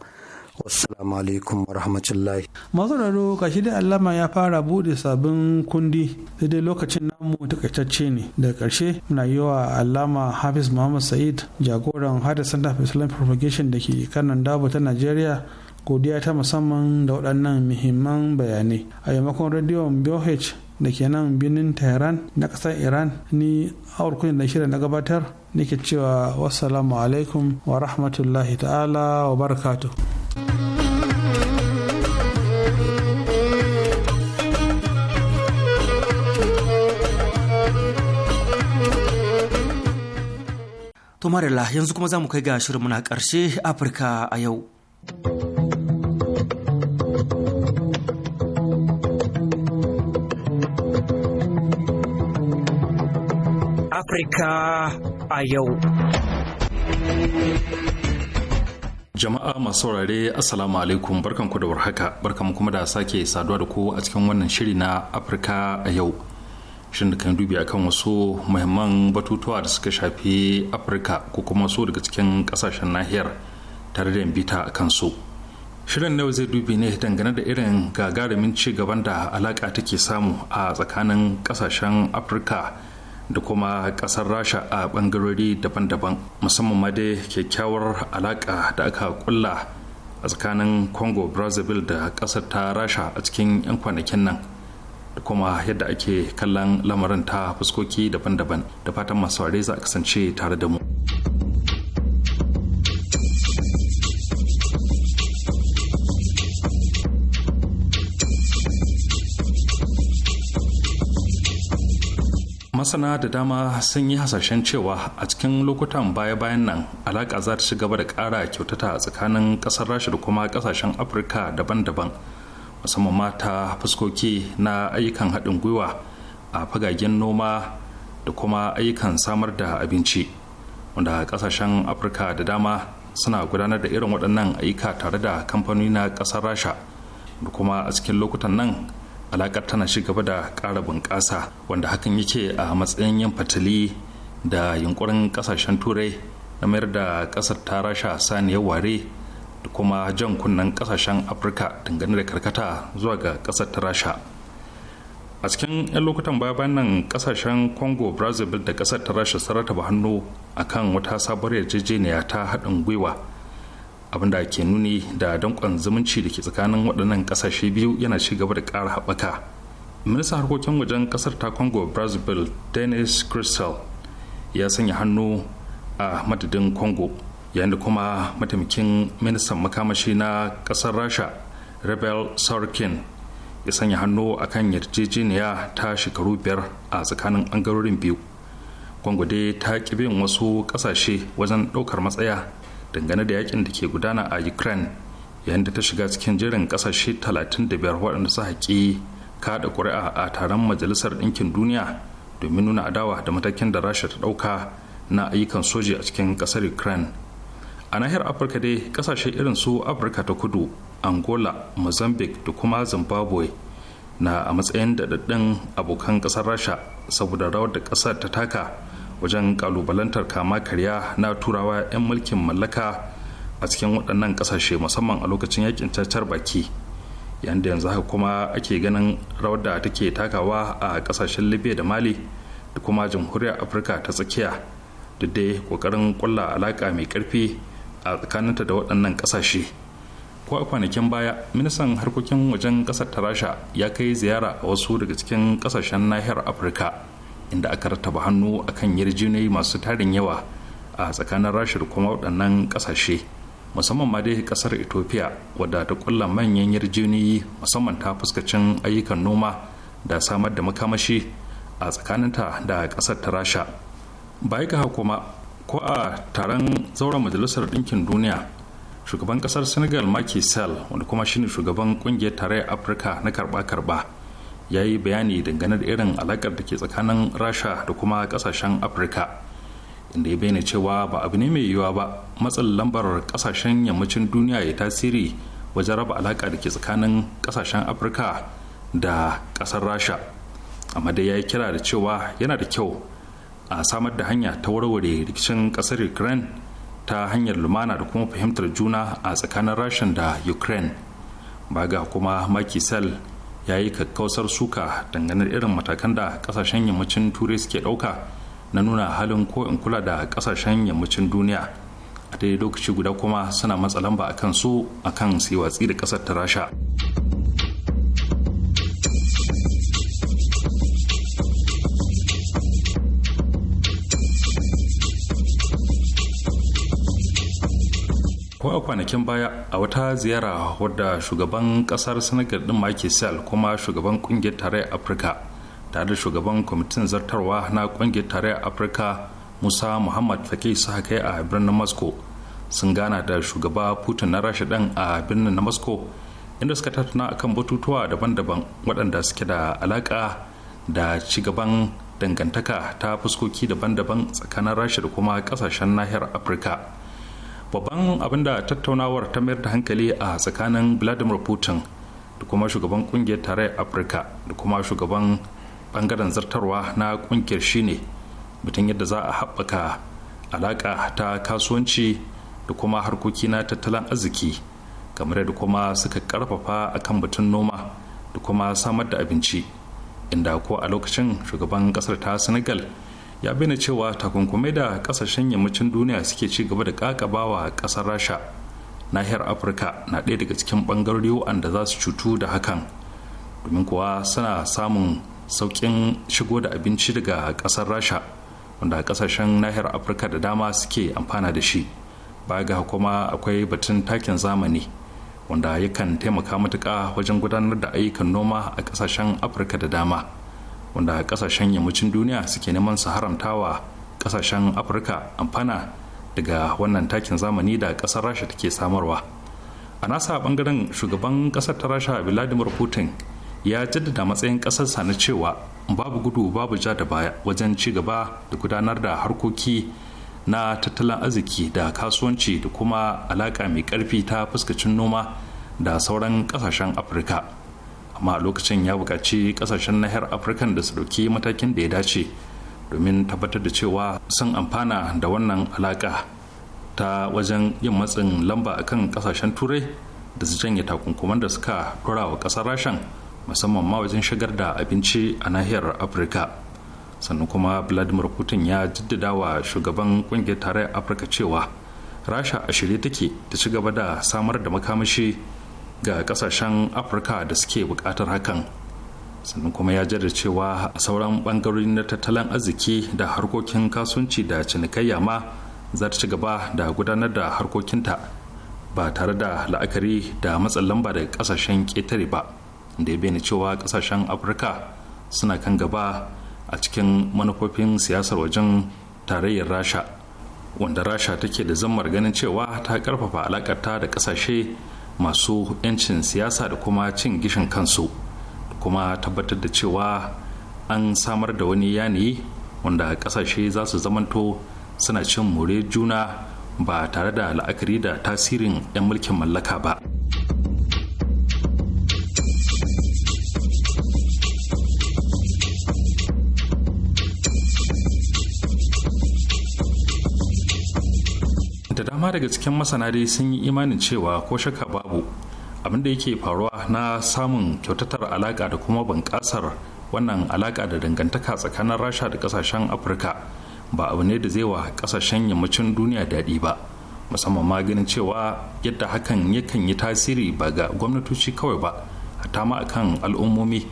wassalamu alaikum wa rahmatullahi masauraro kashi da allama ya fara bude sabbin kundi daidai lokacin namu takaitacce ne daga karshe muna yi wa allama hafiz muhammad sa'id jagoran hada center for islamic propagation da ke kanan dabo ta nigeria godiya ta musamman da waɗannan muhimman bayanai a yamakon rediyon BOH da ke nan birnin tehran na ƙasar iran ni awar kudin da shirin na gabatar nake cewa wasu alaikum wa rahmatullahi ta'ala wa barakatuh To Marilla yanzu kuma za mu kai ga shirin muna ƙarshe Afirka a yau. Afirka a yau. Jama'a masu saurare Assalamu alaikum barkanku da warhaka barkanku kuma da sake saduwa da ku a cikin wannan shiri na Afirka a yau. shin da kan dubi akan wasu muhimman batutuwa da suka shafi afirka ko kuma wasu daga cikin kasashen nahiyar tare da bita a kansu shirin na zai dubi ne dangane da irin gagarumin ci gaban da alaka take samu a tsakanin kasashen afirka da kuma kasar rasha a bangarori daban-daban musamman ma dai kyakkyawar alaka da aka kulla a tsakanin congo brazzaville da kasar ta rasha a cikin 'yan kwanakin nan da kuma yadda ake kallon lamarin ta fuskoki daban-daban da fatan masu ware za a kasance tare da mu. masana da dama sun yi hasashen cewa a cikin lokutan baya-bayan nan alaƙa za ta ci gaba da ƙara kyautata tsakanin ƙasar rasha da kuma ƙasashen afirka daban-daban musamman mata fuskoki na ayyukan haɗin gwiwa a fagagen noma da kuma ayyukan samar da abinci wanda ƙasashen afirka da dama suna gudanar da irin waɗannan ayyuka tare da kamfani na ƙasar rasha da kuma a cikin lokutan nan alaƙar tana ci gaba da ƙara bunƙasa wanda hakan yake a matsayin yin fatali da yunkurin ƙasashen turai na mayar da ƙasar ta rasha saniyar ware da kuma jan kunnen kasashen afirka dangane da karkata zuwa ga kasar ta rasha a cikin 'yan lokutan baya nan kasashen congo brazil da kasar ta rasha sun rataba hannu kan wata sabuwar yarjejeniya ta haɗin gwiwa abinda ke nuni da danƙon zumunci da ke tsakanin waɗannan ƙasashe biyu yana ci gaba da ƙara haɓaka ministan harkokin wajen ƙasar ta congo brazil dennis crystal ya sanya hannu a madadin congo yayin da kuma mataimakin ministan makamashi na kasar rasha rebel sarkin ya sanya hannu a kan yarjejeniya ta shekaru biyar a tsakanin ɓangarorin biyu gwangwade ta ƙi bin wasu ƙasashe wajen ɗaukar matsaya dangane da yakin da ke gudana a ukraine yayin da ta shiga cikin jirin ƙasashe 35 waɗanda su haƙi kaɗa ƙuri'a a taron majalisar ɗinkin duniya domin nuna adawa da matakin da rasha ta ɗauka na ayyukan soji a cikin ƙasar ukraine a nahiyar afirka dai kasashe irin su afirka ta kudu angola mozambique da kuma zimbabwe na a matsayin daɗaɗɗen abokan ƙasar rasha saboda rawar da ƙasar ta taka wajen ƙalubalantar kama karya na turawa 'yan mulkin mallaka a cikin waɗannan ƙasashe musamman a lokacin yakin tattar baki yayin da yanzu haka kuma ake ganin rawar da take takawa a ƙasashen libya da mali da kuma jamhuriyar afirka ta tsakiya duk dai ƙoƙarin ƙulla alaƙa mai ƙarfi a tsakaninta da waɗannan ƙasashe ko a kwanakin baya ministan harkokin wajen ƙasar ta rasha ya kai ziyara a wasu daga cikin ƙasashen nahiyar afirka inda aka rattaba hannu a kan yarjejeniyoyi masu tarin yawa a tsakanin rasha da kuma waɗannan ƙasashe musamman ma dai ƙasar ethiopia wadda ta kulla manyan yarjejeniyoyi musamman ta fuskacin ayyukan noma da samar da makamashi a tsakaninta da ƙasar ta rasha baya ga kuma ko a taron zauren majalisar ɗinkin duniya shugaban ƙasar senegal Macky Sall wanda kuma shine shugaban ƙungiyar tarayyar afirka na karɓa-karɓa ya yi bayani dangane da irin alakar da ke tsakanin rasha da kuma ƙasashen afirka inda ya bayyana cewa ba abu ne mai yiwuwa ba matsin lambar ƙasashen yammacin duniya ya tasiri wajen raba alaka da ke tsakanin ƙasashen afirka da ƙasar rasha amma dai ya yi kira da cewa yana da kyau a samar da hanya ta warware rikicin kasar ukraine ta hanyar lumana da kuma fahimtar juna a tsakanin rashin da ukraine ba ga kuma makisal ya yi kakkausar suka dangane irin matakan da kasashen yammacin turai suke ɗauka na nuna halin ko in kula da kasashen yammacin duniya a daidai lokaci guda kuma suna matsa lamba akan su akan su watsi da kasar ta rasha ko a kwanakin baya a wata ziyara wadda shugaban kasar senegal din Macky Sall kuma shugaban kungiyar tarayyar afirka tare da shugaban kwamitin zartarwa na kungiyar tarayyar afirka musa muhammad fakai su haka a birnin masko sun gana da shugaba putin na rasha din a birnin na masko inda suka tattauna akan batutuwa daban-daban waɗanda suke da alaƙa da cigaban dangantaka ta fuskoki daban-daban tsakanin rasha da kuma ƙasashen nahiyar afirka babban abinda tattaunawar ta mayar da hankali a tsakanin vladimir putin da kuma shugaban kungiyar tarayyar afirka da kuma shugaban bangaren zartarwa na kungiyar shine mutum yadda za a haɓaka alaƙa ta kasuwanci da kuma harkoki na tattalin arziki kamar da kuma suka karfafa kan batun noma da kuma samar da abinci inda ko a lokacin shugaban ƙasar ta senegal ya bayyana cewa takunkumai da kasashen yammacin duniya suke ci gaba da kakabawa a kasar rasha nahiyar afirka na ɗaya daga cikin ɓangarori waɗanda za su cutu da hakan domin kuwa suna samun sauƙin shigo da abinci daga ƙasar rasha wanda ƙasashen nahiyar afirka da dama suke amfana da shi baya ga kuma akwai batun takin zamani wanda yakan taimaka matuka wajen gudanar da ayyukan noma a ƙasashen afirka da dama wanda kasashen yammacin duniya suke neman su haramtawa kasashen afirka amfana daga wannan takin zamani da kasar rasha take samarwa a nasa bangaren shugaban kasar ta rasha vladimir putin ya jaddada matsayin kasarsa na cewa babu gudu babu ja da baya wajen ci gaba da gudanar da harkoki na tattalin arziki da kasuwanci da kuma alaƙa mai ƙarfi ta fuskacin noma da sauran kasashen afirka amma a lokacin ya buƙaci ƙasashen nahiyar afirka da su ɗauki matakin da ya dace domin tabbatar da cewa sun amfana da wannan alaƙa ta wajen yin matsin lamba akan ƙasashen turai da su janye takunkuman da suka ɗora wa ƙasar rashan musamman ma wajen shigar da abinci a nahiyar afirka sannan kuma vladimir putin ya jaddada wa shugaban ƙungiyar tarayyar afirka cewa rasha a shirye take ta ci gaba da samar da makamashi ga kasashen afirka da suke bukatar hakan sannan kuma ya jada cewa a sauran bangarori na tattalin arziki da harkokin kasuwanci da cinikayya ma za ta ci gaba da gudanar da harkokinta ba tare da la'akari da matsin lamba daga kasashen ƙetare ba da ya bayyana cewa kasashen afirka suna kan gaba a cikin manufofin siyasar wajen tarayyar rasha wanda rasha take da zammar ganin cewa ta karfafa alakarta da kasashe masu 'yancin siyasa da kuma cin gishin kansu kuma tabbatar da cewa an samar da wani yanayi wanda kasashe za su zamanto suna cin more juna ba tare da la'akari da tasirin 'yan mulkin mallaka ba. da dama daga cikin masana dai sun yi imanin cewa ko shaka babu abin da yake faruwa na samun kyautatar alaka da kuma bunƙasar wannan alaka da dangantaka tsakanin rasha da ƙasashen afirka ba abu ne da zai wa ƙasashen yammacin duniya daɗi ba musamman ma ganin cewa yadda hakan yakan yi tasiri ba ga gwamnatoci kawai ba hatta ma akan al'ummomi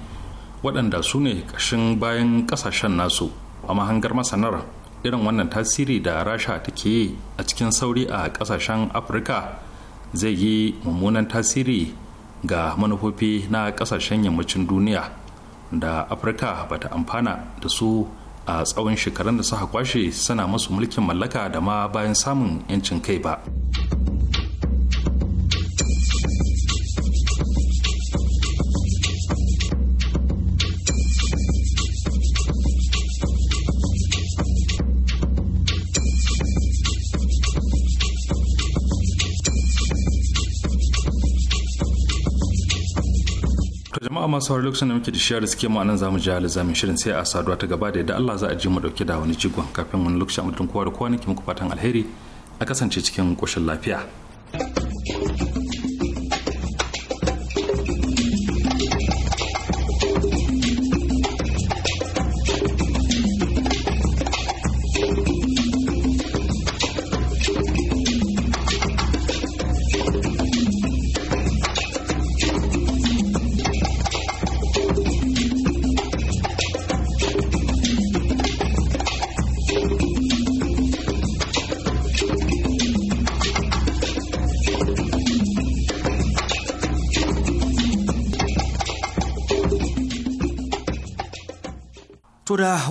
waɗanda su ne ƙashin bayan ƙasashen nasu a mahangar masanar irin wannan tasiri da rasha take a cikin sauri a kasashen afirka zai yi mummunan tasiri ga manufofi na kasashen yammacin duniya da afirka ba ta amfana da su a tsawon shekarun da suka kwashe suna masu mulkin mallaka da ma bayan samun 'yancin kai ba. jama'a masu hauwa lokacin da muke da shiyar suke mu anan zamu ji alizamin shirin sai a saduwa ta gaba da yadda Allah za a ji mu dauke da wani jigon kafin wani lokacin mutum kowa da kowa nake muku fatan alheri a kasance cikin koshin lafiya.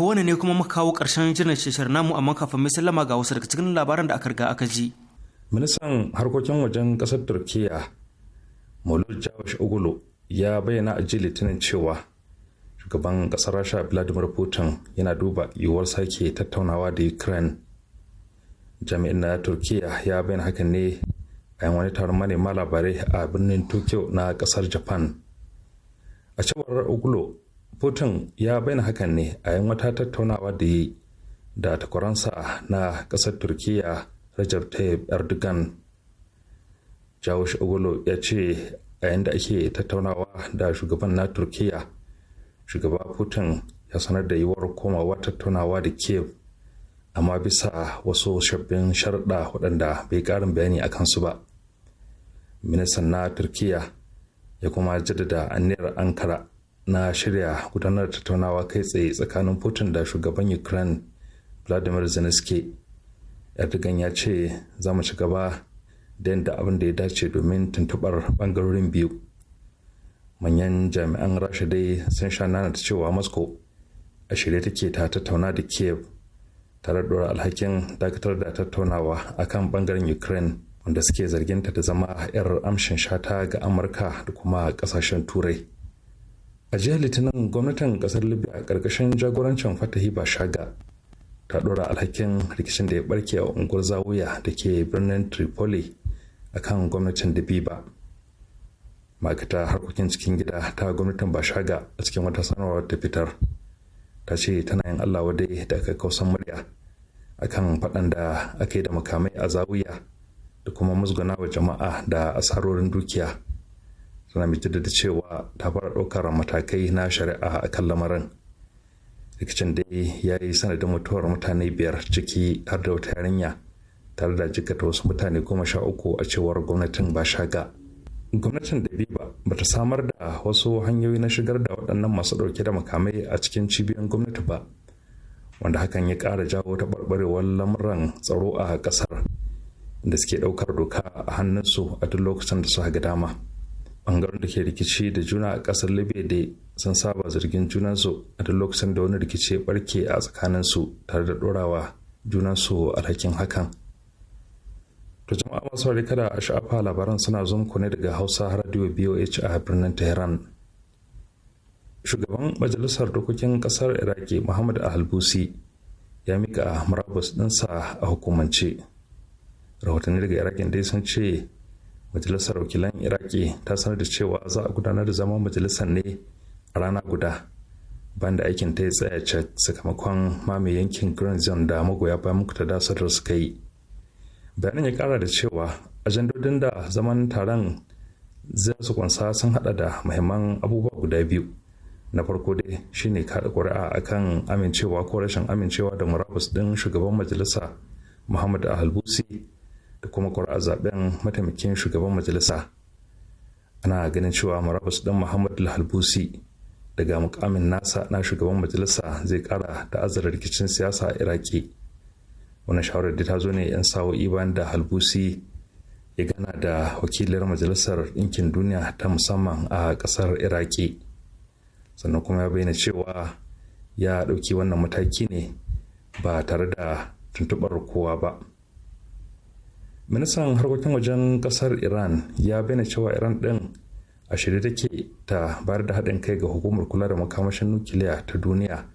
wani ne kuma muka kawo ƙarshen jiran shishar namu amma kafin mai sallama ga wasu daga cikin labaran da aka riga aka ji. Ministan harkokin wajen ƙasar Turkiyya Maulud Jawash Ugulu, ya bayyana a ji litinin cewa shugaban ƙasar Rasha Vladimir Putin yana duba yiwuwar sake tattaunawa da Ukraine. Jami'in na Turkiyya ya bayyana hakan ne a 'yan wani taron manema labarai a birnin Tokyo na ƙasar Japan. A cewar Ogulo putin ya bayyana hakan ne a yan wata tattaunawa da yi da takwaransa na ƙasar turkiya rajab tayyip erdogan jawush ogolo ya ce a yadda ake tattaunawa da shugaban na turkiya shugaba putin ya sanar da yiwuwar komawa tattaunawa da kiev amma bisa wasu shabbin sharɗa waɗanda bai ƙarin bayani a kansu ba ministan na turkiya ya kuma jaddada aniyar ankara na shirya gudanar tattaunawa kai tsaye tsakanin putin da shugaban ukraine vladimir zelensky erdogan ya ce za mu ci gaba da yadda abin da ya dace domin tuntubar bangarorin biyu manyan jami'an rasha dai sun sha nana ta cewa moscow a shirye take ta tattauna da kiev tare da dora alhakin dakatar da tattaunawa a kan bangaren ukraine wanda suke zarginta da zama 'yar amshin shata ga amurka da kuma kasashen turai a jihar litinin gwamnatin kasar libya a ƙarƙashin jagorancin fatahi bashaga ta ɗora alhakin rikicin da ya barke a unguwar zawuya da ke birnin tripoli a kan gwamnatin biba ma'aikata harkokin cikin gida ta gwamnatin bashaga a cikin wata sanarwar ta fitar ta ce tana yin allah wadai da aka kausan murya kan faɗan da aka yi da makamai a zawuya da kuma musguna wa jama'a da asarorin dukiya tana mai jaddada cewa ta fara ɗaukar matakai na shari'a a kan lamarin rikicin dai ya yi sanadin mutuwar mutane biyar ciki har da wata yarinya tare da jikata wasu mutane goma sha uku a cewar gwamnatin bashaga gwamnatin da biba ba ta samar da wasu hanyoyi na shigar da waɗannan masu ɗauke da makamai a cikin cibiyar gwamnati ba wanda hakan ya ƙara jawo taɓarɓarewar lamuran tsaro a ƙasar da suke ɗaukar doka a hannunsu a duk lokacin da su ga dama. bangaren da ke rikici da juna a ƙasar libya da sun saba zargin junansu a duk lokacin da wani rikici ya barke a tsakaninsu tare da dorawa junansu alhakin hakan to jama'a masu wari kada a sha'afa labaran suna zo muku ne daga hausa radio boh a birnin tehran shugaban majalisar dokokin ƙasar iraki muhammad albusi ya mika murabus ɗinsa a hukumance rahotanni daga iraki dai sun ce majalisar wakilan iraki ta sanar da cewa za a gudanar da zaman majalisar ne a rana guda banda aikin ta ya tsaya ce sakamakon mame yankin grand zone da magoya bayan muku da suka yi bayanin ya kara da cewa ajandodin da zaman taron zai su kwansa sun hada da muhimman abubuwa guda biyu na farko dai shine kada ƙuri'a akan amincewa ko rashin amincewa da murabus din shugaban majalisa muhammad albusi da kuma ƙuri'ar zaben mataimakin shugaban majalisa ana ganin cewa marabus ɗin muhammad halbusi daga mukamin nasa na shugaban majalisa zai ƙara ta'azzara rikicin siyasa a iraki wani shawarar da ta zo ne 'yan sawo'i bayan da halbusi ya gana da wakilar majalisar ɗinkin duniya ta musamman a ƙasar iraki sannan kuma ya bayyana cewa ya ɗauki wannan mataki ne ba tare da tuntuɓar kowa ba. ministan harkokin wajen kasar iran ya bayyana cewa iran din a shirye take ta bayar da haɗin kai ga hukumar kula da makamashin nukiliya ta duniya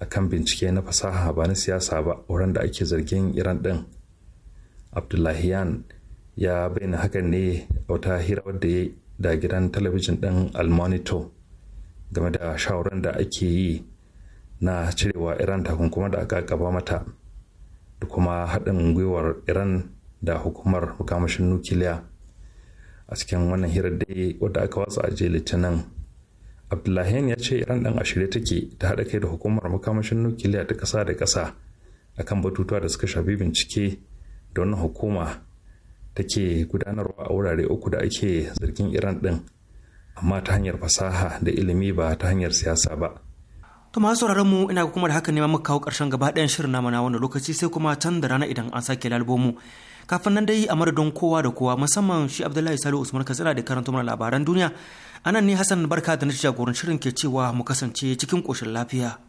a kan bincike na fasaha ba na siyasa ba wurin da ake zargin iran din abdullahiyan ya bayyana hakan ne a wata hira wadda ya da gidan talabijin ɗin almonito game da shawarar da ake yi na cirewa iran takunkuma da aka gaba mata da kuma haɗin gwiwar iran da hukumar makamashin nukiliya a cikin wannan hirar dai wadda aka watsa a jiya litinin abdullahian ya ce iran ɗan ashirye take ta haɗa kai da hukumar makamashin nukiliya ta kasa da ƙasa kan batutuwa da suka shafi bincike da wannan hukuma take gudanarwa a wurare uku da ake zargin iran ɗin amma ta hanyar fasaha da ilimi ba ta hanyar siyasa ba. To masu mu ina kuma da haka ne muka kawo ƙarshen gaba ɗayan shirin na wani lokaci sai kuma can da rana idan an sake lalbomu kafin nan dai a madadin kowa da kowa musamman shi abdullahi salihu usman katsina da karanta mana labaran duniya anan ne hassan barka da na jagoran shirin ke cewa mu kasance cikin koshin lafiya